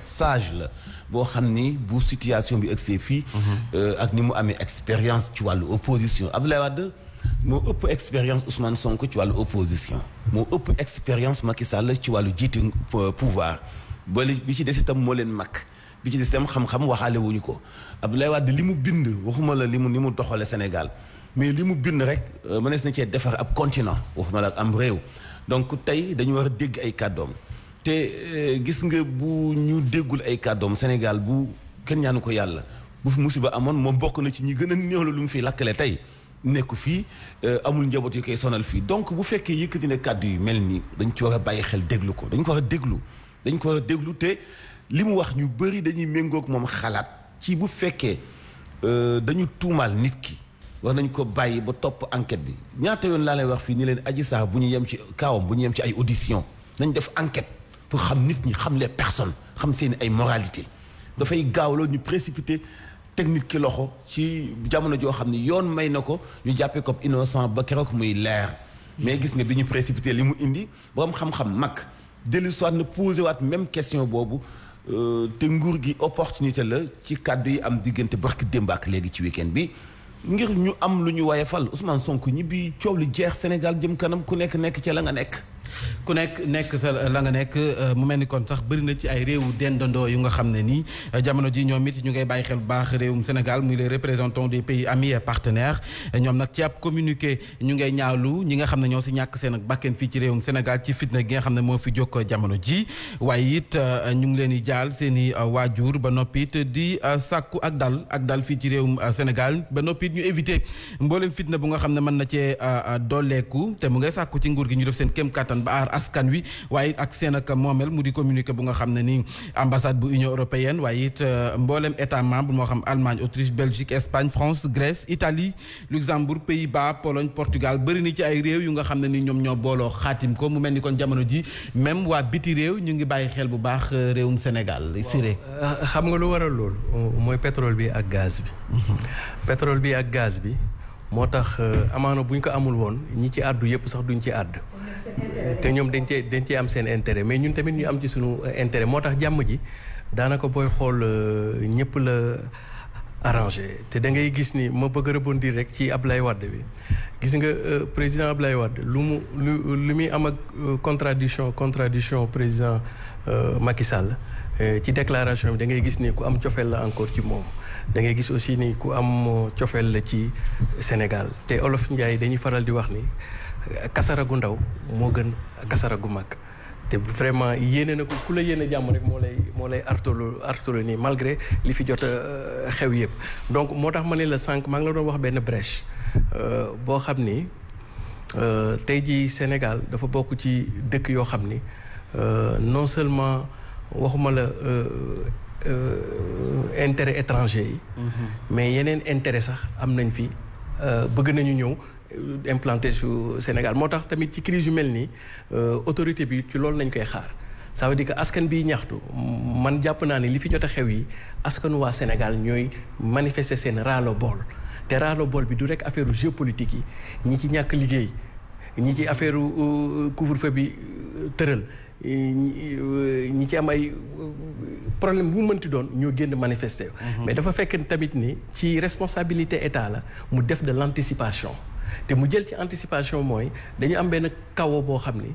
sage la boo xam ni bu situation bi agsee fii euh, ak ni mu amee expérience ci wàllu opposition Abdoulaye Wade moo ëpp expérience Ousmane sonk ci wàllu opposition moo ëpp expérience Macky Sall ci wàllu jiite pouvoir boole bi ci des itam moo leen mag bi ci des itam xam-xam waxaale wuñu ko Abdoulaye Wade li mu bind waxuma la li mu ni mu doxale Sénégal mais li mu bind rek euh, mënees na cee defar ab continent waxuma la am réew donc tey dañu war a dégg ay kàddoom te eh, gis nga bu ñu déggul ay kàddoom Sénégal bu kenn ñaanu ko yàlla bu fi musiba amoon moom bokk na ci ñi gën a néew la lu mu fi lakkale tey nekku fii eh, amul njaboot yu koy sonal fii donc bu fekkee yëkkati ne kàddu yi mel nii dañ ci wax a bàyyi xel déglu ko dañu ko war a déglu dañ ko war a déglu te li mu wax ñu bëri dañuy méngoog moom xalaat ci bu fekkee eh, dañu tuumaal nit ki war nañ ko bàyyi ba topp enquête bi ñaata yoon laa lay wax fii ni leen aji sax bu ñu yem ci kaawam bu ñu ci ay audition nañ def enquête pour xam nit ñi xam lee personne xam seen ay moralité dafay gaawloo ñu précipité technique nit ki loxo ci jamono joo xam ne yoon may na ko ñu jàppee comme innocent ba keroog muy leer mais gis nga bi ñu précipité li mu indi borom xam-xam mag dellu soit na posé waat même question boobu euh, te nguur gi opportunité la ci kàddu yi am diggante barki démb léegi ci week bi ngir ñu am lu ñu waye fal Ousmane Sonko ñi coow li jeex Sénégal jëm kanam ku nekk nekk ca la nga nekk ku nekk nekk sa la nga nekk euh, mu mel ni kon sax bëri na ci ay réewu dendandoo yu nga xam ne nii euh, jamono ji ñoom it ñu ngay bàyyi xel bu baax réewum Sénégal muy les représentants des pays amis et partenaires ñoom nag ci ab ñu ngay ñaawlu ñi nga xam ne ñoo si ñàkk seen bakken fii ci réewum Sénégal ci fitna gi nga xam ne moo fi jóg jamono ji waaye it euh, ñu ngi leen di jaal seen i waajur ba noppi di sàkku ak dal ak dal fii ci réewum Sénégal ba noppi it ñu éviter mboolem fitna bu nga xam ne mën na cee dooleeku te mu ngay sàkku ci nguur gi ñu def seen kéem kattan yoon ba aar askan wi waaye ak seen ak mu di communiqué bu nga xam ne ni ambassade bu Union européenne waaye it euh, mboolem état membre moo xam Allemagne Autriche Belgique Espagne France Grèce Italie Luxembourg Pays-Bas Pologne Portugal bëri na ci ay réew yu nga xam ne ni ñoom ñoo booloo xaatim ko mu mel ni kon jamono ji même waa biti réew ñu ngi bàyyi xel bu baax euh, réewum Sénégal. Siré euh, xam nga lu waral lool mooy pétrole bi ak gaz bi. Mhm. pétrole bi ak gaz bi. moo tax euh, amaana bu ñu ko amul woon ñi ci àddu yëpp sax duñ ci àdd te ñoom dañ cee dañ cee am seen intérêt mais ñun tamit ñu am ci sunu euh, intérêt moo tax jàmm ji daanaka booy xool euh, ñëpp la arrangé te da ngay gis ni ma bëgg a rebondir rek ci Ablaye Wade bi gis nga président lay Wade lu mu lu lu muy am ak contradiction contradiction président Macky Sall ci déclaration bi dangay gis ni ku am cofeel la encore ci moom da ngay gis aussi ni ku am cofeel la ci Sénégal te Olof Njaay dañuy faral di wax ni kasara gu ndaw moo gën kasara gu mag te vraiment yéene na ko ku la yéene jàmm rek moo lay moo lay artolu artolu nii malgré li fi jot euh, xew yëpp donc moo tax ma ne la sànq maa ngi la doon wax benn brèche euh, boo xam ni euh, tey jii Sénégal dafa bokk ci dëkk yoo xam ni non seulement waxuma la Euh, intérêt étranger yi. Mm-hmm. mais yeneen intérêt sax am nañ fi euh, bëgg nañu ñëw euh, implanté su Sénégal moo tax tamit ci crise yu mel nii autorité bi ci loolu nañ koy xaar. ça di dire que askan bi ñaxtu man jàpp naa ne li fi jot xew yi askanu waa Sénégal ñooy manifester seen ras bool te ras bool bi du rek affaire géopolitique yi ñi ci ñàkk liggéey ñi ci affaire couvre-feu bi tëral ñi ci am ay problème bu mënti doon ñoo génn manifester mhm. mais dafa fekk tamit ni ci responsabilité état la mu def de l'anticipation te mu jël ci anticipation mooy dañu am benn kawo boo xam ni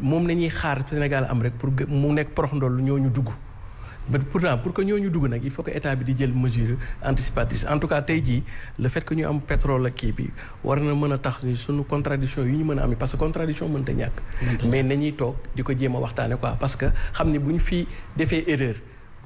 moom la ñuy xaar Sénégal am rek pour mu nekk porox lu ñoo ñu dugg mais pourtant pour que ñooñu dugg nag il faut que état bi di jël mesure anticipatrice en tout cas tey jii le fait que ñu am pétrole ak kii bi war na mën a tax ni suñu contradiction yi ñu mën a am parce que contradiction mënta ñàkk mais nañuy toog di ko jéem a waxtaane quoi parce que xam ne bu ñu fi defee erreur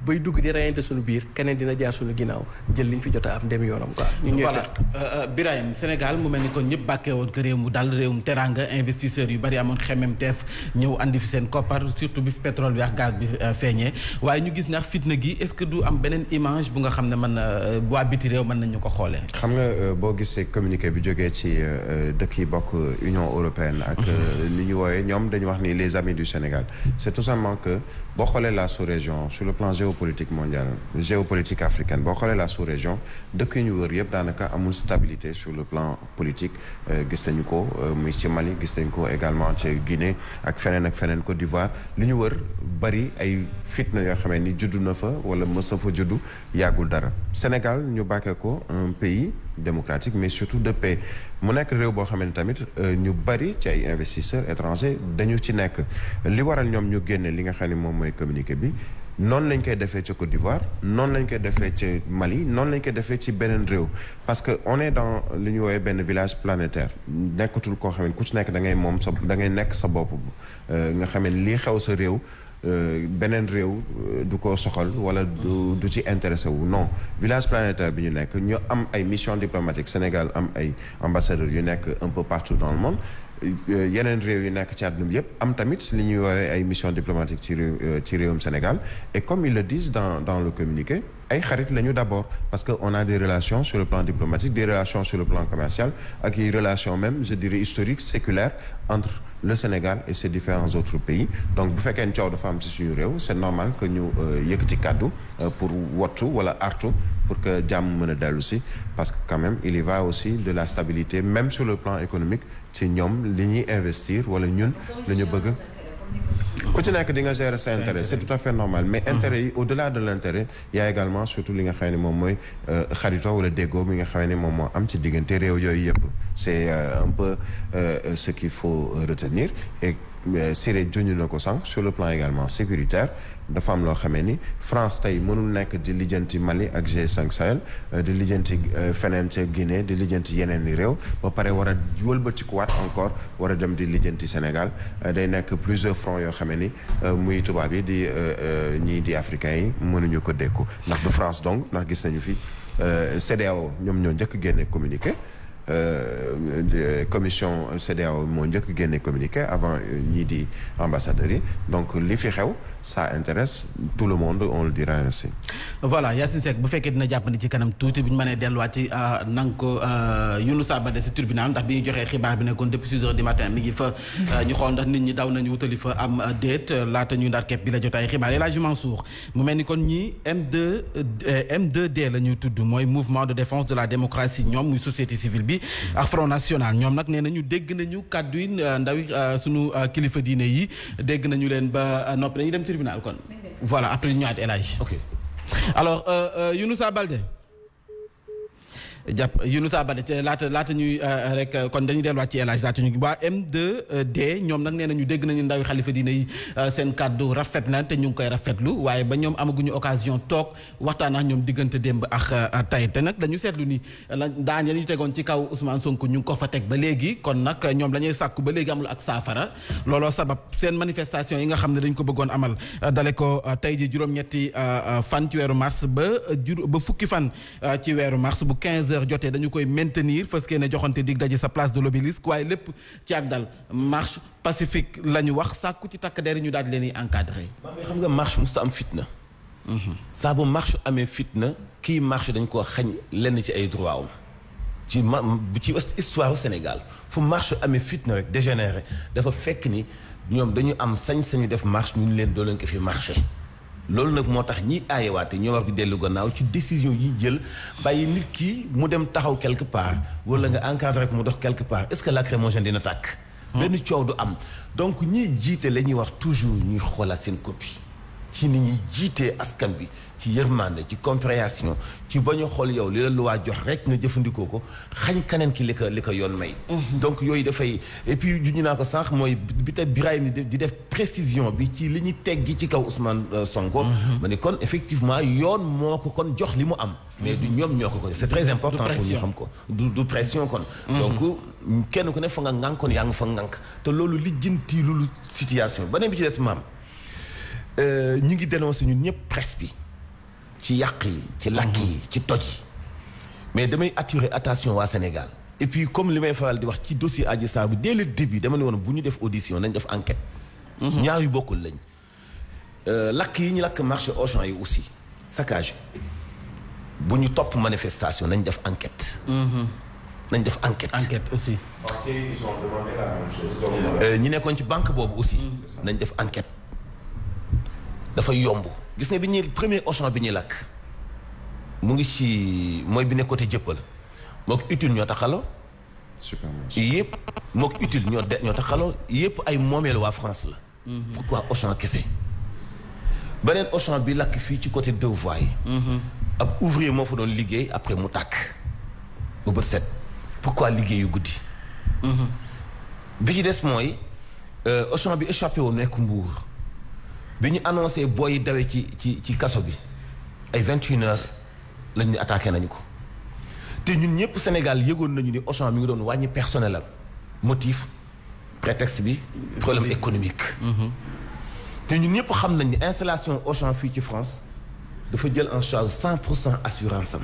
bay dugg di reyante suñu biir keneen dina jaar suñu ginnaaw jël liñ fi jot am dem yoonam quoi. ñu ñëw voilà euh, euh, Birahim Sénégal mu mel ni kon ñëpp bàkkee woon ko réew mu dal mu teranga investisseurs yu bari amoon xemmemteef ñëw andi fi seen koppar surtout bi pétrole bi ak gaz bi euh, feeñee waaye ñu gis ndax fitna gi est-ce que du am beneen image bu nga xam ne man na waa biti réew mën nañu ko xoolee. xam nga boo gisee communiqué bi jógee ci dëkk yi bokk Union européenne. ak mhm. ni ñu wooyee ñoom dañu wax ni les amis du Sénégal c'est tout boo xoolee la sous-région sur le plan géopolitique mondial géopolitique africaine boo xoolee la sous-région dëkk yu ñu wër yëpp daanaka amul stabilité sur le plan politique euh, gis nañu ko euh, muy ci Mali gis nañu ko également ci Guinée ak feneen ak feneen Côte d'Ivoire li ñu wër bari ay fitna yoo xamee ni juddu na fa wala mës na fa juddu yàggul dara Sénégal ñu bàkkee ko un pays démocratique mais surtout de paix mu nekk réew boo xam ne tamit euh, ñu bari ci ay investisseurs étrangers dañu ci nekk li waral ñoom ñu génne li nga xam ne moom mooy communiqué bi noonu lañ koy defee ca Côte d'Ivoire noonu lañ koy defee ca Mali noonu lañ koy defee ci beneen réew parce que on est dans li ñu woowee benn village planétaire nekkatul koo xam ne ku ci nekk da ngay moom sa dangay nekk sa bopp euh, nga xam ne lii xew sa réew Euh, beneen réew euh, du ko soxal wala du du ci intéressé wu non village planétaire bi ñu nekk ñu am ay mission diplomatique Sénégal am ay ambassadeurs yu nekk un peu partout dans le monde euh, yeneen réew yi nekk ci àdduna bi yëpp am tamit li ñuy woowee ay mission diplomatique ci ci réewum Sénégal et comme ils le disent dans dans le communiqué ay xarit la ñu d'abord parce que on a des relations sur le plan diplomatique des relations sur le plan commercial ak i relations même je dirais le Sénégal et ses différents autres pays donc bu fekkee coow dafa am ci suñu réew c'est normal que ñu euh, yëkkati kàddu euh, pour wattu wala artu pour que jàmm mën a dellu si parce que quand même il y va aussi de la stabilité même sur le plan économique ci ñoom li ñuy investir wala ñun la ñu bëgg ku ci nekk di nga gérer sa intérêt c'est tout à fait normal mais mhm. intérêt yi au-delà de l'intérêt y également surtout li nga xam ne moom mooy euh, xaritoo wala déggoo mi nga xam ni moom moo am ci diggante réew yooyu yëpp c'est euh, un peu euh, ce qu'il faut retenir et Euh, Siré juñu na ko sànq sur le plan également sécuritaire dafa am loo xamee ni France tey mënul nekk di lijjanti Mali ak G5 Sahel euh, di lijjanti euh, feneen ca Guinée di lijjanti yeneen i réew ba pare war a wëlbatikuwaat encore war a dem di lijjanti Sénégal day nekk plusieurs fronts yoo xamee ni muy tubaab yi di ñii di africains yi mënuñu ko dékku ndax du France donc ndax gis nañu fi CEDEAO ñoom ñoo njëkk génne communiqué Euh, euh, commission CEDEAO moo njëkk génne communiqué avant euh, ñii di ambassadeurs yi donc li fi xew sa intéresse tout le monde on le dira ainsi. voilà Yacine Seck bu fekkee dina jàppandi ci kanam tuuti bu ñu mënee delluwaat ci nang ko Younoussa Baldé si tribunal ndax bi ñu joxee xibaar bi nekkoon depuis six heures du matin mi ngi fa. Mm-hmm. ñu xool ndax nit ñi daw nañu wutali fa am déet laata ñuy ndar képp bi la jot ay xibaar El Hadj Mansour mu mel ni kon ñi M2 d la ñuy tudd mooy mouvement de défense de la démocratie ñoom yi ak Front National ñoom nag nee nañu dégg nañu kàddu yi euh, ndawi euh, suñu euh, kilifa diine yi dégg nañu leen ba noppi dañuy dem tribunal kon voilà après ñu ñëwaat El Hadj ok alors Younoussa Baldé jàpp Younousa Baldé te laata laata ñuy euh, euh, rek euh, kon dañuy delluwaat ci El laata ñu waa M2D ñoom nag nee ñu dégg nañu ndawi xalifa diine yi seen kàddu rafet na te ñu ngi koy rafetlu waaye ba ñoom amaguñu occasion toog waxtaan ak ñoom diggante démb ak tay te nag dañu seetlu ni daan ya ñu tegoon ci kaw Ousmane Sonko ñu ngi ko fa teg ba léegi kon nag ñoom la ñuy sàkku ba léegi amul ak saafara looloo sabab seen manifestation yi nga xam ne dañ ko bëggoon amal dale ko tey ji juróom-ñetti fan ci weeru ba ba fukki fan ci heures jotee dañu koy maintenir fas ne joxante dig daje sa place de l'obélisque waaye lépp ci ak dal marche pacifique la ñu wax sàkku ci takk der ñu daal leen di encadré. xam nga marche musta am fitna. Mhm. saa bu marche amee fitna kii marche dañ koo xañ lenn ci ay droit am ci ma ci histoire Sénégal fu marche amee fitna rek dégénéré dafa fekk ni ñoom dañu am sañ-sañu def marche ñu leen doo leen ko fi marché. loolu nag moo tax ñi aayewaate ñoo war di dellu gannaaw ci décision yi jël bàyyi nit ki mu dem taxaw quelque part wala nga encadré ko mu dox quelque part est-ce que lacrymogène dina tàkk hmm. benn coow du am donc ñiy jiite la ñuy wax toujours ñuy xoolaat seen copie ci ni ñuy jiitee askan bi ci yërmande ci compréhension ci bañ a xool yow li la lu waa jox rek nga jëfandikoo ko xañ keneen ki li ko li ko yoon may. Mhm. donc yooyu dafay et naa ko sànq mooy bi tey Birahim di def précision bi ci li ñu teggi ci kaw Ousmane euh, Sonko. Mhm. ma ne kon effectivement yoon moo ko kon jox li mu am. mais du mhm. ñoom ñoo ko ko c'est très important. pour ñu ko du du pression kon. donc kenn ku ne fa nga ngànk kon yaa nga fa ngànk te loolu lijjanti lu situation beneen bi ci des maam. Euh, ñu ngi dénoncé ñun ñëpp presse bi ci yàq yi ci lakk yi mhm. ci toj mais damay attirer attention waa Sénégal et puis comme li may faral di wax ci dossier Adji Sarr bi dès le début dama ne woon bu ñu def audition nañ def enquête mhm. ñaar yu bokkul lañ euh, lakk yi ñu lakk marché Auchan yi aussi sacage bu ñu topp manifestation nañ def enquête mhm. nañ def enquête enquête aussi. Euh, ñi nekkoon ci banque boobu aussi. nañ def enquête. dafa yomb gis nga bi ñuy premier Auchan bi ñuy lakk mu ngi ci mooy bi ne côté jëppal mook utile ñoo taxaloo yëpp mook utile ñoo de ñoo taxaloo yëpp ay moomeel waa France la mhm. pourquoi Auchan kese beneen Auchan bi lakk fii ci côté deux voies yi mhm. ab ouvrier moo fa doon liggéey après mu tàkk bu bët set pourquoi liggéeyu guddi mhm. bi ci des mooy Auchan euh, bi échappé woon nekk mbuur bi ñu annoncé booy dawe ci ci ci kaso bi ay vingt une heures lañu attaqué nañu ko te ñun ñëpp Sénégal yëgoon nañu ni Auchan mi ngi doon wàññi personnel am motif prétexte bi problème économique mhm. te ñun ñëpp xam nañ ni installation Auchan fii ci France dafa jël en charge cent pour cent assurance am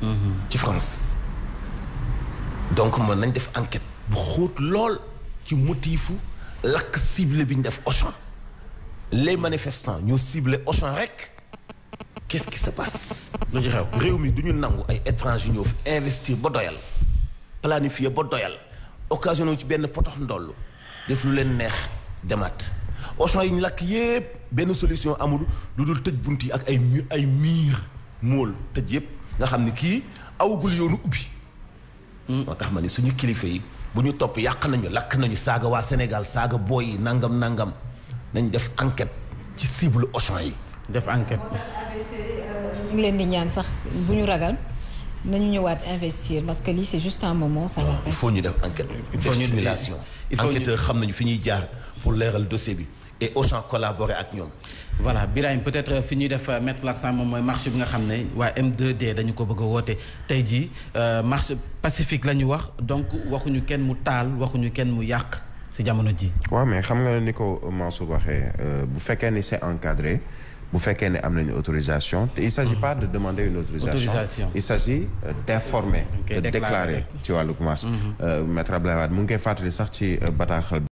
mhm. ci France donc mën nañ def enquête bu xóot lool ci motifu lakk cible bi ñu def Auchan les manifestants ñoo ciblé Auchan rek qu'est-ce qui lu ci réew mi du ñu nangu ay étrangers ñoo fi investir ba doyal planifier ba doyal occasionné ci benn potox ndoll def lu leen neex demaat Auchan yi ñu lakk yépp benn solution amul lu dul tëj bunt yi ak ay ay miir mool tëj yépp nga xam ni kii awgul yoonu ubbi. Hmm. moo tax ma ni suñu kilifa yi bu ñu topp yàq nañu lakk nañu saaga waa Sénégal saaga booy yi nangam nangam. dañu def enquête ci cible Auchan yi. def enquête euh, ñu leen di ñaan sax bu ñu ragal nañu ñëwaat investir parce que lii c'est juste un moment. ça il faut ñu def enquête. il faut ñu xam nañu fi ñuy jaar pour leeral dossier bi. et Auchan collaboré ak ñoom. voilà Birahim peut-être euh, fi ñuy def euh, mettre l'accent moom mooy marché bi nga xam ne waa M2D dañu ko bëgg a woote tey jii marché pacifique la ñu wax donc waxuñu kenn mu taal waxuñu kenn mu yàq. ci jamono ji waaw mais xam nga ni ko Mansour waxee euh, bu fekkee ni c'est encadré bu fekkee ne am nañu autorisation te il s'agit pas de demander une autorisation il s'agit euh, d'informer de déclarer ci wàllu maas mhm. euh, maître Abdoulaye Wade mu ngi koy fàttali sax ci bataaxal